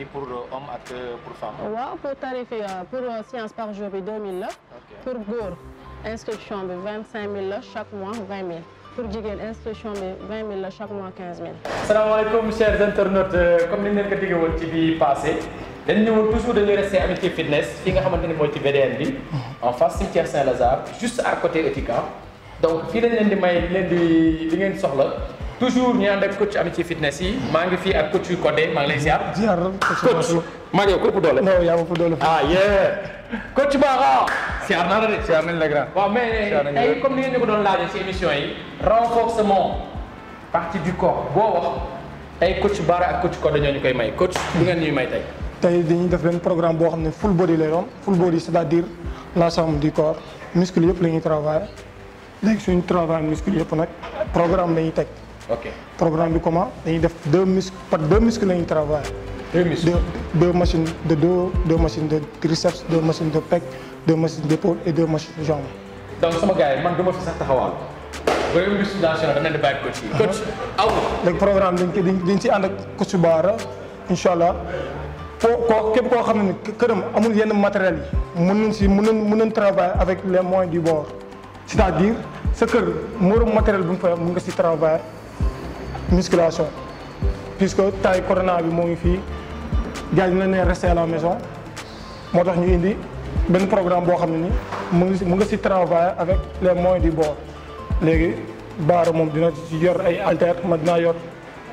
ci pour homme ak pour femme. waaw pour tarif yi euh, pour euh, séance par jour pour góor inscription bi 25000 chaque mois 20000 pour jigéen inscription bi 20000 chaque mois 15000. asalaamaaleykum chers euh, comme ni ñu leen ko diggee woon ci bi passé dañ ñëwoon toujours dañuy resté amitié fitness fii nga xamante ni Saint-Lazare juste à côté Etika. donc fii dañ leen di toujours ñu ànd ak coach ci Fitness yi maa ngi fii ak coach yu Codé maa ngi lay ziar. ziar coach maa ngi yow ko ëpp doole. non yaa ma ëpp doole. ah yeah. nañ la grand. waaw mais tey comme ni ngeen ñu ko doon laajee ci émission yi. renforcement partie du corps boo wax tey coach Bara ak coach Codé ñoo ñu koy may coach bu ngeen ñuy may tey. tey dañuy def leen programme boo xam ne full body lay doon full body c'est-à-dire l'ensemble du corps muscle yëpp la ñuy travailler léegi suñu travail muscle yëpp nag programme la ñuy teg. programme bi comment dañuy def deux muscles par deux muscles la ñuy travaillé. deux muscles deux deux machines de dos deux machines de triceps deux machines de pec deux machines d'épaule et deux machines de jambe. donc sama gars yi man du ma fi sax taxawaal. bëri da di bàyyi coach yi. Uh-huh. coach programme dañ ci ànd ak coach Bara incha allah foo koo képp koo xam ne këram amul yenn matériel yi mun nañ si mën nañ mën nañ travailler avec les moyens du bord c'est-à-dire sa kër moroom matériel bu mu fa mun nga si musculation que tay corona bi moo ngi fii gars yi dina ne rester à la maison moo tax ñu indi benn programme boo xam ne ni mu ngi mu nga si travailler avec les moyens du bord léegi baaro moom dina ci yor ay haltères ma dinaa yor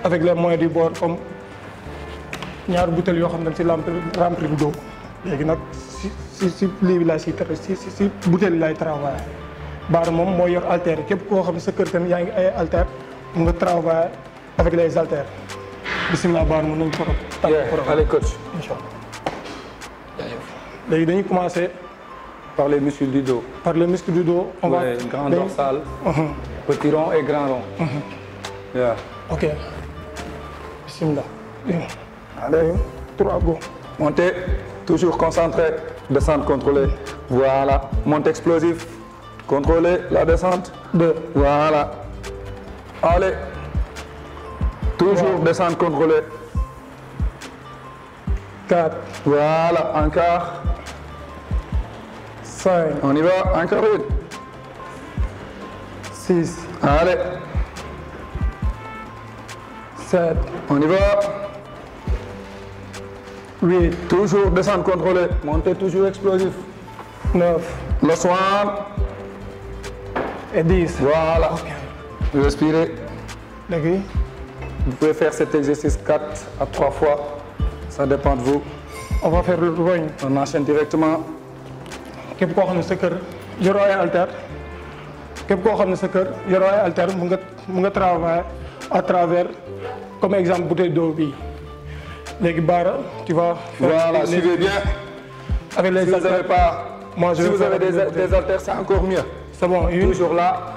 avec les moyens du bord comme ñaari bouteilles yoo xam ne si rempli d'eau léegi nag si si si lii bi laay si si si si bouteilles yi laay travailler moom moo yor haltères képp koo xam ne sa kër tamit yaa ngi ay haltères on va travailler avec les haltères bisimilah baax na mën nañu ko tànn pour allez coach incha allah léegi dañuy commencer par les muscles du dos par les muscles du dos on toujours concentré descente contrôlée voilà monte explosif contrôlez la descente deux voilà Allez, toujours descendre contrôlée. Voilà, un quart. une. 6. Allez. 7. On y va. Toujours descendre contrôlée. Montez toujours explosif. 9. Le soin. Et 10. Voilà. Vous respirez. D'accord. Vous pouvez faire cet exercice 4 à 3 fois. Ça dépend de vous. On va faire le rowing. On enchaîne directement. képp koo xam ne sa kër yoroo ay haltères képp koo xam ne sa kër yoroo ay haltères mu nga mu nga travailler à travers comme exemple bouteille d'eau bi léegi Bara tu vas. voilà suivez bien. si vous avez des des c'est encore mieux. c'est bon toujours là.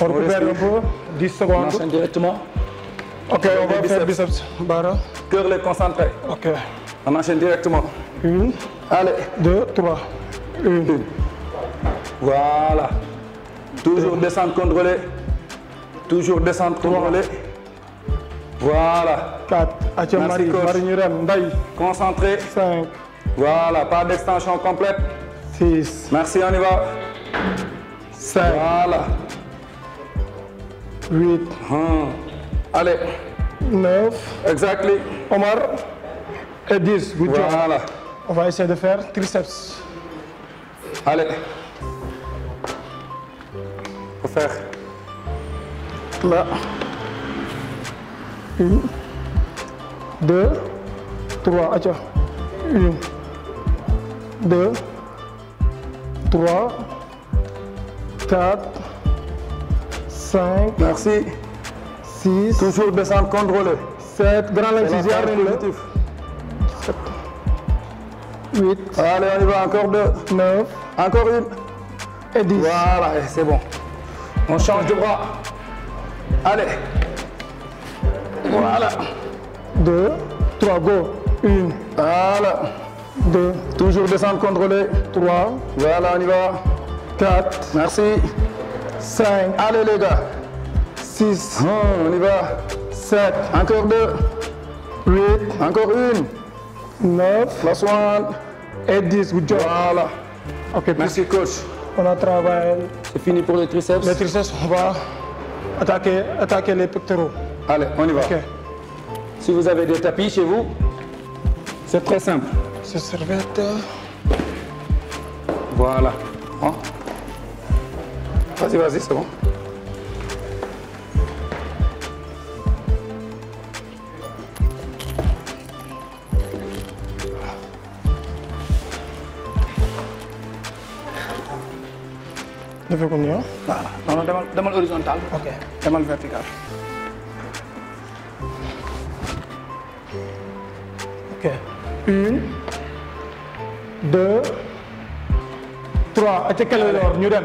On récupère un peu, 10 secondes. On enchaîne directement. Ok, on, on va biceps. faire biceps, barre. Cœur les concentré. Ok. On enchaîne directement. Une. Allez. Deux, trois. Une. Une. Voilà. Toujours descendre, contrôler. Toujours descendre, contrôler. Voilà. 4. Merci Marie, coach. Marie Concentré. 5. Voilà, pas d'extension complète. 6. Merci, on y va. 5. Voilà. 8. Hum. Allez. 9. Exactly. Omar. Et 10. Good voilà. job. Voilà. On va essayer de faire triceps. Allez. Faut faire. Là. Une. Deux. Trois. Attends. Une. Deux. Trois. Quatre. 5. merci. 6. toujours descente contrôlée. 7 grand lañ ci ziar nañ la. 8. allez on y va encore 2. 9. encore une. et 10. voilà c'est bon. on change de bras. allez. voilà. 2. 3 go. 1. voilà. 2. toujours descente contrôlée. 3. voilà on y va. 4. merci. 5, allez les gars, 6, on y va, 7, encore 2, 8, encore une, 9, last one, et 10, good Ok, merci coach. On a travaillé. C'est fini pour les triceps. Les triceps, on va attaquer, attaquer les Si vous avez des tapis chez vous, c'est très simple. Ce Voilà. Vas-y, vas-y, c'est bon. dafa ko ñëw. waaw non non demal demal horizontal. ok demal vertical. ok une deux trois. ca kele lor ñu dem.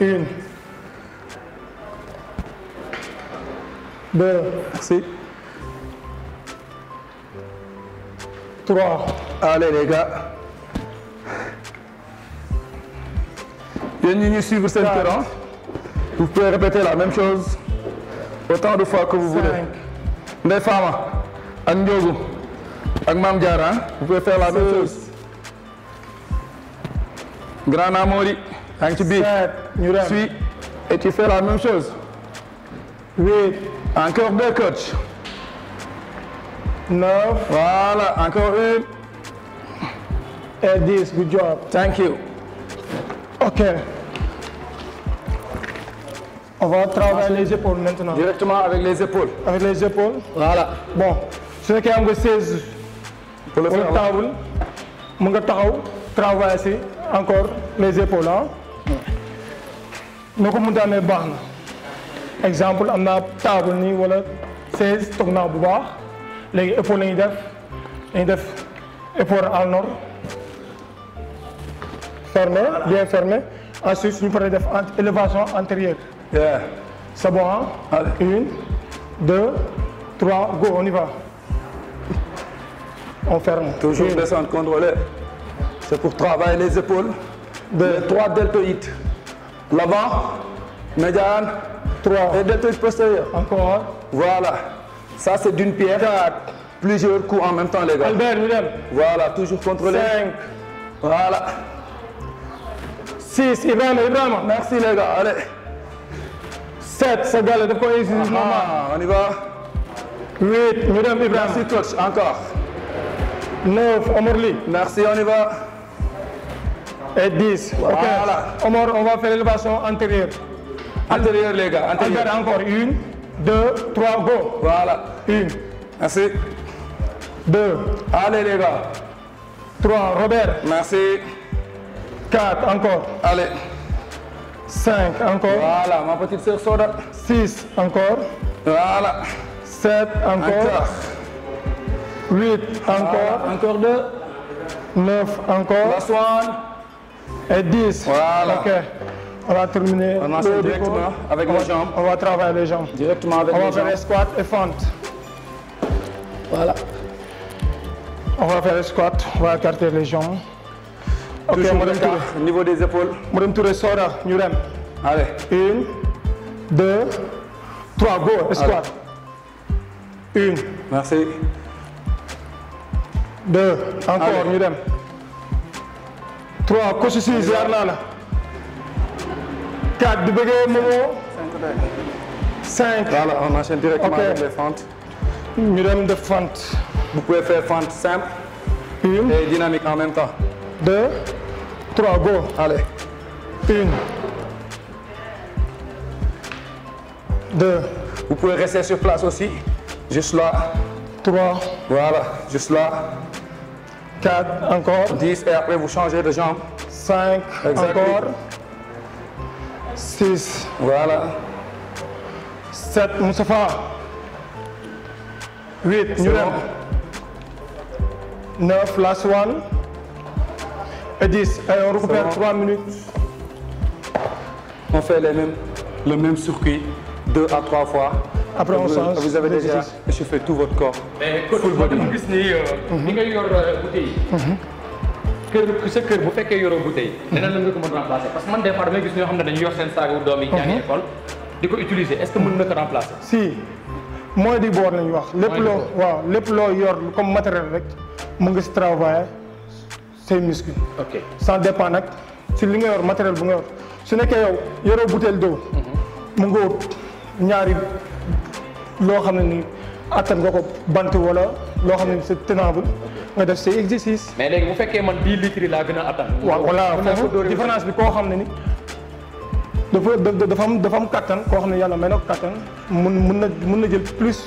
une deux merci trois allez les gars yéen ñi ñuy suivre seen terrain vous pouvez répéter la même chose autant de fois que vous voulez Ndeye Fama ak Ndiogu ak Mame Diarra vous pouvez faire la même chose Grand Amori yaa ngi ci suis et tu fais la même chose. Oui. Encore deux coach. Neuf. Voilà, encore une. Et good job. OK. On va travailler les épaules maintenant. Directement avec les épaules. Avec les épaules. Bon, ceux qui ont 16 pour le table, mon travailler encore les épaules. noo ko mënta amee baax na exemple am naa table ni wala seize toog naa bu baax léegi effort la ñuy def dañuy def effort al nord fermé bien fermé ensuite suñu paree def élévation antérieure c'est bon hein une deux trois go on y va on ferme toujours descente contrôlée c'est pour travailler les épaules de trois deltoïdes l'avant, médiane, 3 et deux touches postérieures. Encore. Voilà. Ça, c'est d'une pierre. 4. Plusieurs coups en même temps, les Voilà, toujours contrôlé. Voilà. 6, Ibrahima, Ibrahima. Merci, les Allez. 7, c'est galère de quoi ici, ah, On y va. 8, William, Ibrahima. Merci, coach. Encore. 9, Merci, on et 10. Voilà. Okay. Omar, on va faire l'élévation antérieure. Antérieure, les Antérieure. encore. Une, deux, trois, go. Une. Merci. Deux. Allez, les Trois. Robert. Merci. Quatre. Encore. Allez. Cinq. Encore. Voilà, Sept. Encore. Huit. Encore. encore deux. Neuf. Encore. La soine. et 10. Voilà. OK. On va terminer. On va se directement avec les jambes. On va travailler les jambes. On va faire les squats et Voilà. On va faire les on va écarter les jambes. OK, Modem des épaules. Modem Touré sora ñu dem. Allez. Une, deux, trois, go, squat. Une. Deux, encore ñu dem. trois coach si ziar naa la. quatre di bëggee Momo. cinq voilà on enchaîne directement avec les fentes. ñu dem def vous pouvez faire fente simple. et dynamique en même temps. deux trois go. allez vous pouvez rester sur place aussi. juste là. voilà juste là. 4 encore. 10 et après vous changez de jambe. 5 Exactement. encore. 6 voilà. 7 Moustapha. 8 ñu dem. 9 last one. et le même circuit deux à trois fois. après on change vous avez déjà. réchauffer tout votre corps. full euh, mhm. euh, mhm. sa kër bu fekkee yoroo bouteille yi. Mhm. leneen la man des fois gis ñoo xam ne dañu yor seen saagu doom yi. jàngi école di ko utiliser est-ce si wax. lépp loo waaw lépp loo yor comme matériel rek mu ngi si travailler say muscles. ok ça dépend nag si li nga yor matériel bu nga yor su nekkee yow yoroo bouteille d'eau mu nga wut ñaari loo xam ne nii attan nga ko bant wala loo xam ne c'est tenable nga def say exercice. mais bu fekkee man 10 litres yi laa gën a attan. waaw voilà différence bi koo xam ne ni. dafa dafa am dafa am kattan koo xam ne yàlla may na ko kattan mun mun na mun na jël plus.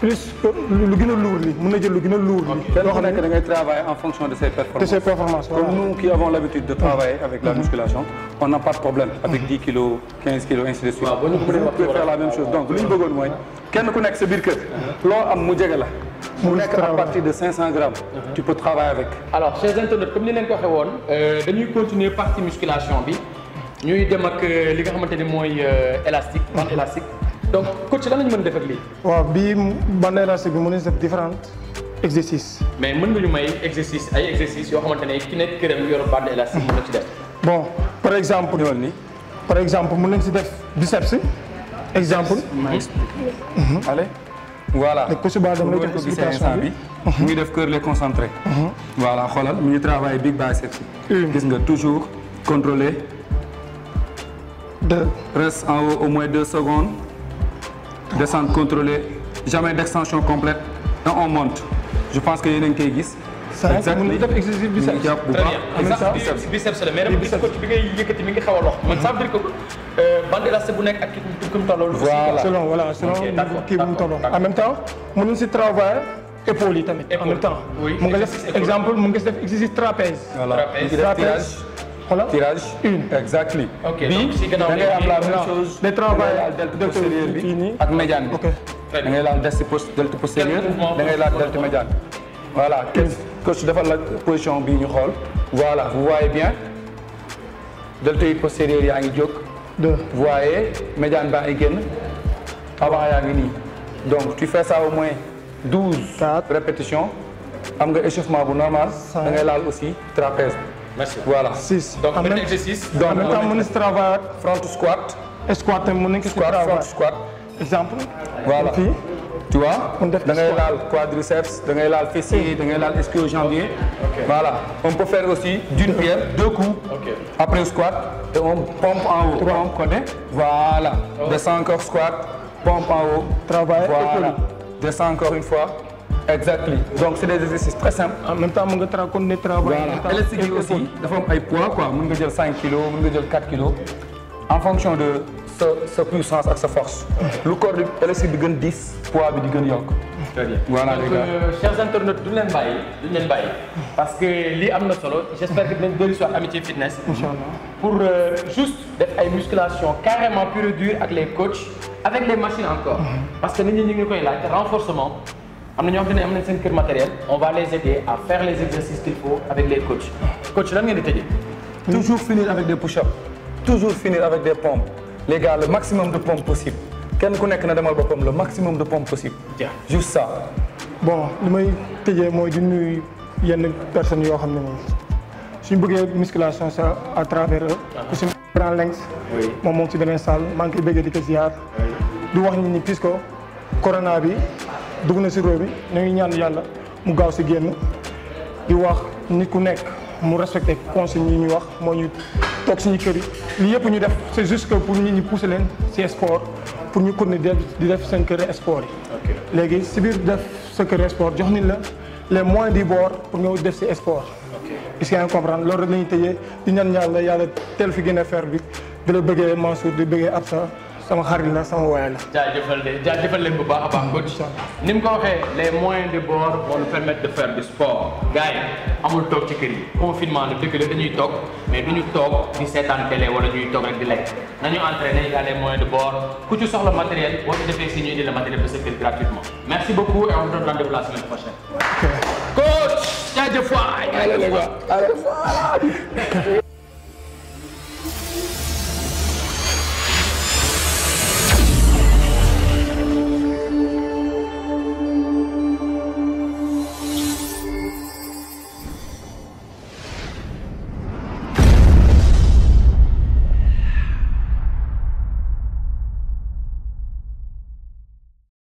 plus lu gën a lourd li mën na jël lu gën en fonction de ses performances. comme nous qui avons l'habitude de travailler mm-hmm. avec la mm-hmm. musculation on n'a pas de problème avec 10 mm-hmm. kilos 15 kilos de suite vous pouvez faire la même chose donc li ñu bëggoon mooy kenn ku nekk sa biir am mu jege la mu nekk avec alors chers internautes comme ni leen euh, continuer partie musculation bi ñuy dem ak euh, li donc coach lan la ñu mën def ak lii. waaw bii bande élastique bi mën nañu def différentes exercices. mais mën nga ñu may exercice ay exercices yoo xamante ne ki nekk këram yor bande élastique mën na ci def. bon par exemple. ñëwal nii par exemple mën nañu si def biceps. exemple maa ngi mhm. allez. voilà def ko si base dama lay def explication bi mu ngi def curl concentré. Mhm. voilà xoolal mu ngi travail big biceps. gis nga toujours contrôler. deux reste en haut au moins deux secondes. descente contrôlée jamais d' extension complète et on monte je pense que yéen a ngi koy gis. exactement mën na def exercice biceps jàpp bu baax biceps la mais nag bi ko bi ngay yëkkati mi ngi xaw a lox man ça veut dire que euh, bande élastique bu nekk ak kii bu mu tolloo voilà selon voilà selon kii bu mu tolloo en même temps mënuñ si travail épaules yi tamit en même temps mu nga def exemple mu ngi def exercice trapèze trapèze xoolal tirage une exactly ok donc si gannaaw bi la même chose delta postérieur ak médiane bi. ok laal delta post delta postérieur laal delta médiane. voilà kenn coach defal la position bi ñu xool voilà vous voyez bien delta yi postérieur yaa ngi jóg. deux vous voyez médiane baa ngi yaa ngi donc tu fais ça au moins douze. nga échauffement bu normal. da ngay laal aussi trapèze. merci voilà 6. donc mën si travailler front squat. squat tamit mën nañu ko si travailler front squat. exemple. voilà fii. tu vois da ngay laal quadriceps da ngay laal fessier da ngay laal ischio jambier voilà on peut faire aussi d'une pierre deux coups okay. après squat et on pompe en haut voilà oh. descend encore squat pompe en haut travail voilà descend encore une fois exactement donc c' est des exercices très simples. en même temps mën nga tra continuer travailler. voilà élastique yi aussi dafa am ay poids en fonction de sa sa puissance ak sa force. lu corps bi élastique bi gën gën yokk. très bien voilà les gars donc euh, chers internautes duñ leen parce que lii am na solo j' espère que dinañ dellu si amitié fitness. incha allah pour euh, juste def ay musculation carrément pure et dure ak les coachs avec les machines encore. Mm-hmm. parce que nit ñi ñu ngi koy laaj renforcement. am na ñoo xam ne am nañ seen kër matériel on va les aider à faire les exercices qu'il faut avec les coachs coach lan ngeen di tëjee. toujours finir avec des push-ups toujours finir avec des pompes les gars le maximum de pompes possible kenn ku nekk na demal boppam le maximum de pompes possible. juste ça. bon li may tëjee mooy di nuyu yenn personnes yoo xam ne moom suñu bëggee musculation ça à travers eux. Ah. ku si grand lengs. moom moom si beneen salle maa ngi koy bëggee di ko ziar. di wax ni ñi puisque corona bi. dugg na si réew bi ñu ngi ñaan yàlla mu gaaw si génn di wax nit ku nekk mu respecté consignes yi ñuy wax moo ñu toog suñu kër yi. lii ñu def c' est que pour nit ñu pousser leen si sport pour ñu continuer di def seen kër sport yi. léegi si biir def sa kër sport jox nit la les moyens du bord pour nga def si sport. est-ce que yaa ngi loolu rek la ñuy tëjee di ñaan yàlla yàlla teel fi gën a faire bi di la bëggee Mansour di bëggee Absa. sama xarit la sama waay la. jaajëfal de jaajëfal leen bu baax a baax coach ni mu ko waxee de bord vont nous de faire du sport gars amul toog ci kër yi confinement la dëgg la dañuy toog mais du ñu toog di seetaan télé wala ñuy toog rek di lekk nañu entraîné y a les moyens de bord ku ci soxla matériel boo ci defee si ñuy di la matériel de service gratuitement merci beaucoup et on se donne rendez-vous la semaine prochaine. coach jaajëf waay.